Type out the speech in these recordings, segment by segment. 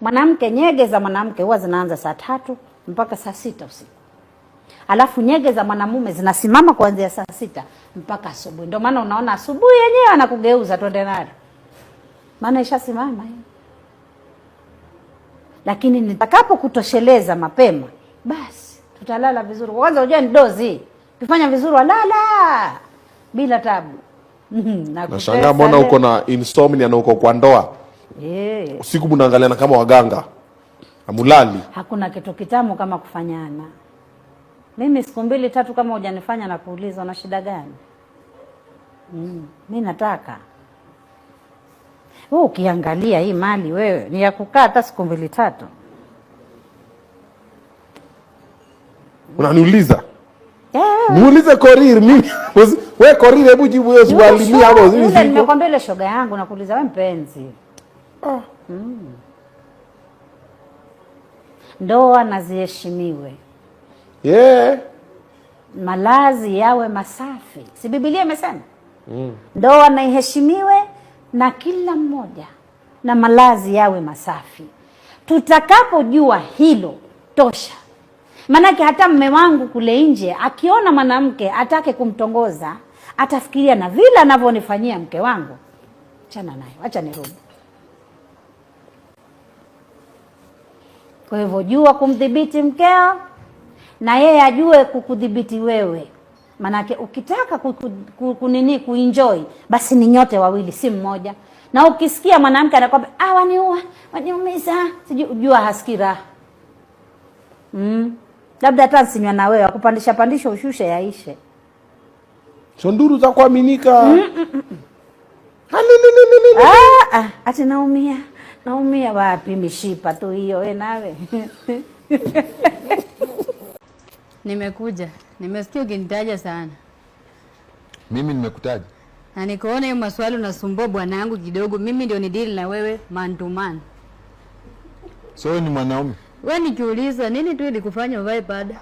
Mwanamke, nyege za mwanamke huwa zinaanza saa tatu mpaka saa sita usiku, alafu nyege za mwanamume zinasimama kuanzia saa sita mpaka asubuhi. Ndio maana unaona asubuhi yenyewe anakugeuza twende nalo, maana ishasimama. Lakini nitakapokutosheleza mapema, basi tutalala vizuri. Kwanza ujue ni dozi, ukifanya vizuri walala bila tabu. Nashangaa mbona uko na insomnia na uko kwa ndoa yeah. Usiku mnaangaliana kama waganga, amulali. Hakuna kitu kitamu kama kufanyana. Mimi siku mbili tatu kama hujanifanya kuuliza na shida gani? Mm, mi nataka wewe ukiangalia hii mali wewe ni ya kukaa hata siku mbili tatu, unaniuliza eh. muulize Korir mimi wewe Korir, hebu jibu hiyo swali mimi hapo. Nimekwambia ile shoga yangu nakuuliza wewe mpenzi oh. mm. Ndoa na ziheshimiwe, yeah. Malazi yawe masafi, si Biblia imesema mm. Ndoa na iheshimiwe na kila mmoja, na malazi yawe masafi. Tutakapojua hilo tosha, maanake hata mme wangu kule nje akiona mwanamke atake kumtongoza atafikiria na vile anavyonifanyia mke wangu, chana nayo, acha nirudi. Kwa hivyo jua kumdhibiti mkeo na yeye ajue kukudhibiti wewe, maanake ukitaka kunini kuenjoy basi ni nyote wawili, si mmoja. Na ukisikia mwanamke anakwambia ah, waniua waniumiza, sijui jua hasikii raha mm. Labda hata sinywa na wewe akupandisha pandisha ushushe yaishe. Sio nduru za kuaminika mm -mm. mm, mm. Ah, ah, ah, ati naumia Naumia wapi? Mishipa tu hiyo. We nawe nimekuja, nimesikia ukinitaja sana. Mimi nimekutaja na nikaona hiyo maswali unasumbua bwana yangu kidogo. Mimi ndio nidili na wewe man to man. So ni mwanaume we, nikiuliza nini tu ilikufanya uvae pada?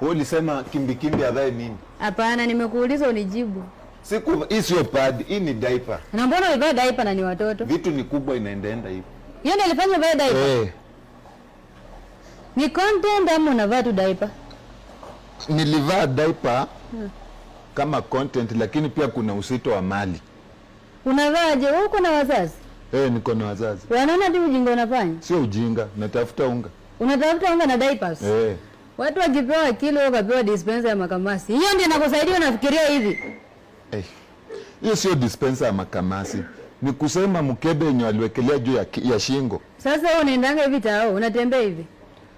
Wewe ulisema kimbikimbi avae nini? Hapana, nimekuuliza unijibu. Siku hii sio pad, hii ni diaper. Na mbona uvae diaper na ni watoto? Vitu ni kubwa inaendaenda hivi. Yeye ndiye alifanya vile diaper. Eh. Ni content ama unavaa tu diaper? Nilivaa diaper hmm, kama content lakini pia kuna usito wa mali. Unavaaje? Wewe uko na wazazi? Eh, niko na wazazi. Wanaona ndio ujinga unafanya? Sio ujinga, natafuta unga. Unatafuta unga na diapers? Eh. Watu wakipewa kilo wakapewa dispenser ya makamasi. Hiyo ndio inakusaidia unafikiria hivi. Eh. Hiyo sio dispenser ya makamasi ni kusema mkebe yenye aliwekelea juu ya, ya shingo. Sasa wewe unaendanga hivi tao, unatembea hivi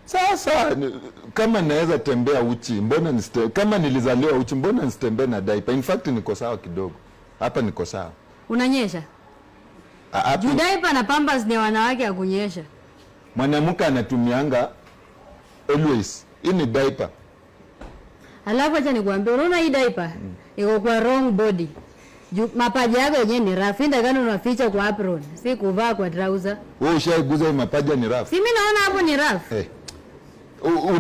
sasa ni, kama naweza tembea uchi mbona niste, kama nilizaliwa uchi mbona nisitembee na diaper? In fact niko sawa kidogo hapa, niko sawa. Unanyesha juu diaper na pampers ni wanawake, ya kunyesha. mwanamke anatumianga always. Hii ni diaper, alafu acha nikuambie, unaona hii diaper mm, iko kwa wrong body mapaja yako yenyewe ni rafu, ndakana unaficha kwa apron, si kuvaa kwa trouser. Wewe ushaiguza mapaja ni rafu, si mimi naona hapo ni rafu hey. Eh.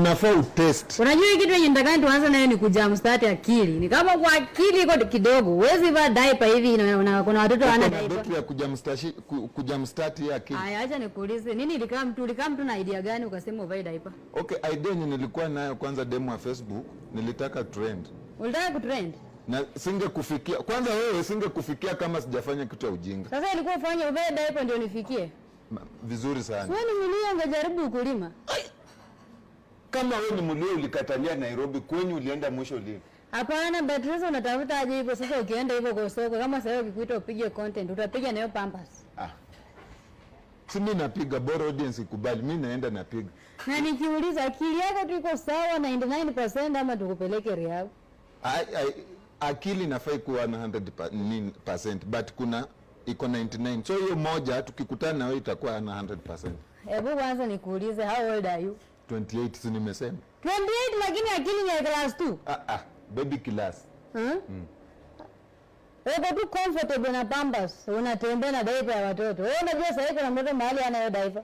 Unafaa utest. Unajua kitu yenye nitaka tuanze nayo ni kujam start akili. Ni kama kwa akili iko kidogo, huwezi vaa diaper hivi na kuna watoto wana diaper. Ndio ya kujam start kujam start ya akili. Aya, acha nikuulize. Nini ilikaa mtu ilikaa mtu na idea gani ukasema uvae diaper? Okay, idea yenye nilikuwa nayo kwanza demo ya Facebook, nilitaka trend. Ulitaka kutrend? na singekufikia kwanza wewe singekufikia kama sijafanya kitu ya ujinga. Sasa ilikuwa ufanye ubeda hapo ndio nifikie vizuri sana. Wewe ni mlio ungejaribu ukulima kama wewe ni mlio ulikatalia Nairobi kwenye ulienda mwisho lini? Hapana, but sasa unatafuta aje hivyo sasa? Ukienda hivyo kwa soko, kama sasa ukikuita upige content utapiga nayo pampas Ah. Si mimi napiga bora audience ikubali, mimi naenda napiga. Na nikiuliza akili yako tu iko sawa 99% ama tukupeleke Rehab? Ai ai akili nafai kuwa 100% but kuna iko 99 so hiyo moja tukikutana na wewe itakuwa 100%. Hebu kwanza nikuulize, how old are you? 28, si nimesema 28, lakini akili ni ya class 2. Ah ah, baby class. Hmm? Wewe hmm. tu comfortable na Pampers, unatembea na diaper ya watoto. Wewe unajua sasa hivi kuna mtoto mahali anayo diaper.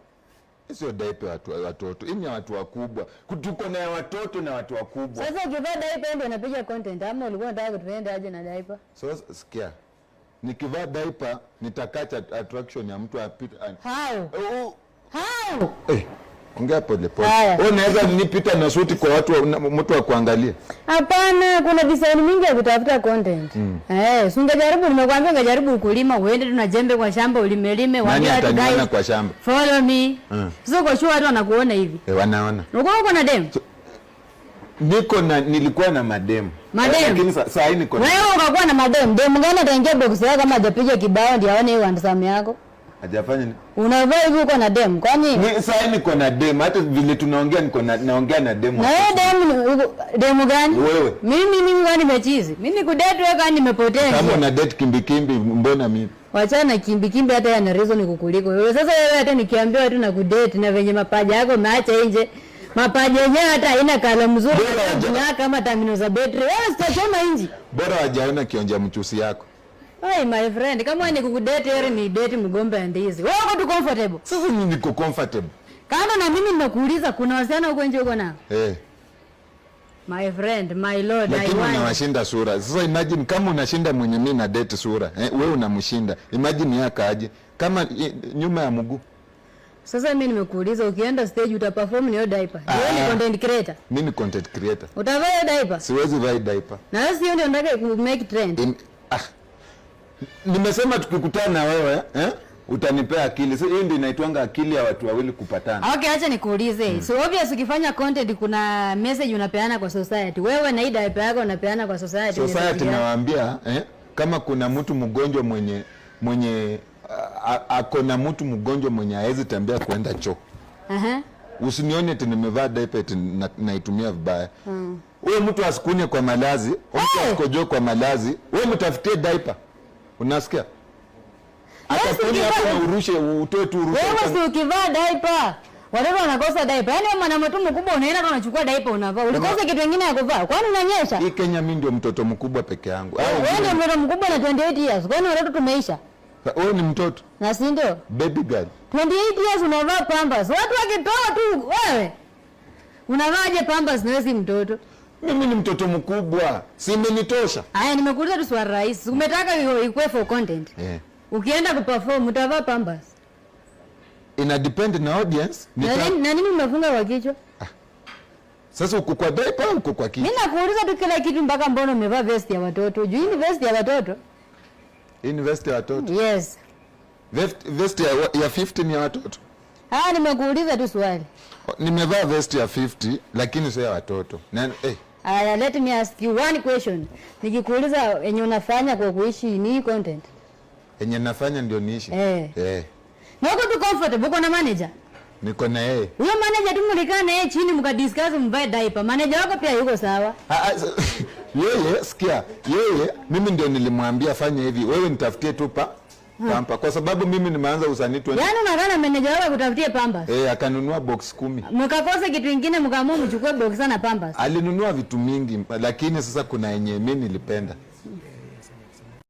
Sio daipe watu watoto. ini ya watu wakubwa. Tuko na watoto na watu wakubwa. Sasa ukivaa daipe ndio unapiga content ama ulikuwa unataka tuende aje na daipa? So sikia. Nikivaa daipa nitakacha attraction ya mtu apita. How? Uh, uh. How? Eh. Ongea polepole. Unaweza nipita na suti kwa watu mtu wa kuangalia? Hapana, kuna design mingi ya kutafuta content. Mm. Eh, si ungejaribu nimekuambia ungejaribu ukulima uende tu na jembe kwa shamba ulimelime wale watu guys. kwa shamba. Follow me. Mm. Sio kwa sure watu wanakuona hivi. Eh, wanaona. Uko uko na demu? So, niko na nilikuwa na mademu. Mademu. Eh, lakini sasa hii niko Wewe ukakuwa na mademu. Demu gani ataingia box yako kama hajapiga kibao ndio aone hiyo handsome yako? Hajafanya ni... Unavaa hivi uko na dem. kwa Ni sasa niko na dem. Hata vile tunaongea niko na naongea na dem. Na wewe dem dem gani? Wewe. Mimi mimi gani mechizi Mimi nikudate wewe gani nimepotea? Kama una date kimbi kimbi mbona mimi? Wachana kimbi kimbi hata yana reason kukuliko. Wewe sasa wewe hata nikiambiwa tu na kudate na venye mapaja yako maacha nje. Mapaja yenyewe hata haina kala mzuri. Kama tamino za betri. Wewe sitachoma inji. Bora wajaona kionja mchusi yako. Hey, my friend, kama ni kukudate heri ni date mgombe ya ndizi. Wewe uko tu comfortable. Sisi ni niko comfortable. Kando na mimi ninakuuliza kuna wasiana huko nje uko na? Eh. Hey. My friend, my lord, Lakin I want. Lakini Unawashinda sura. Sasa imagine kama unashinda mwenye mimi na date sura, eh, wewe unamshinda. Imagine yaka aje kama nyuma ya mguu. Sasa mimi nimekuuliza ukienda stage utaperform ni hiyo diaper. Ah. Wewe ni content creator. Mimi ni content creator. Utavaa hiyo diaper? Siwezi vaa diaper. Na wewe sio ndio unataka ku make trend. In, ah nimesema tukikutana na wewe eh? utanipea akili. So, hii ndio inaitwanga akili ya watu wawili kupatana. Okay, acha nikuulize. Mm. So obvious ukifanya content kuna message unapeana kwa society. Wewe na ida yako unapeana kwa society. Society nawaambia eh, kama kuna mtu mgonjwa mwenye mwenye ako na mtu mgonjwa mwenye hawezi tembea kwenda choo. Uh -huh. Usinione tena nimevaa diaper na, naitumia vibaya. Mm. Wewe mtu asikunye kwa malazi, hey! asikojoe kwa malazi, wewe mtafutie diaper. Unasikia? Urushe utoe tu urushe. Wewe si ukivaa diaper. Watoto wanakosa diaper. Yaani wewe mwanaume tu mkubwa unaenda tu unachukua diaper unavaa. Ulikosa kitu kingine ya kuvaa. Kwani unanyesha? Hii Kenya mimi ndio mtoto mkubwa peke yangu. Wewe ndio mtoto mkubwa na 28 years. Kwani watoto tumeisha? Wewe ni mtoto. Na si ndio? Baby girl. 28 years unavaa Pampers. Watu wakitoa tu wewe. Unavaaje Pampers na wewe si mtoto? Mimi ni mtoto mkubwa, si imenitosha. Aya, nimekuuliza tu swali rahisi, umetaka ikuwe for content yeah. Ukienda kuperform utavaa pambas, ina depend na audience nita... na nini umefunga kwa kichwa ah. Sasa uko kwa diaper au uko kwa kichwa? Mimi nakuuliza tu kila kitu, mpaka mbona umevaa vest ya watoto? Juu ni vest ya watoto, ni vest ya watoto yes. Vest, vest ya, ya 50 ni ya watoto ah. Nimekuuliza tu swali, nimevaa vest ya 50 lakini sio ya watoto Nani eh. Hey. Uh, let me ask you one question. Nikikuuliza yenye unafanya kwa kuishi ni content? Yenye nafanya ndio niishi. Eh. Eh. Na uko tu comfortable, uko na manager? Niko na yeye. Huyo manager tu mlikaa na yeye chini mkadiscuss mvae diaper. Manager wako pia yuko sawa. Ah, ah, yeye sikia, yeye mimi ndio nilimwambia fanya hivi, wewe nitafutie tu pa Hmm. Pampa kwa sababu mimi nimeanza usanii 20. Yaani unadhani meneja wako akutafutie pamba Eh, akanunua box kumi. Mkakosa kitu kingine mkaamua mchukue box na Pampers. Alinunua vitu mingi lakini sasa kuna yenye mimi nilipenda.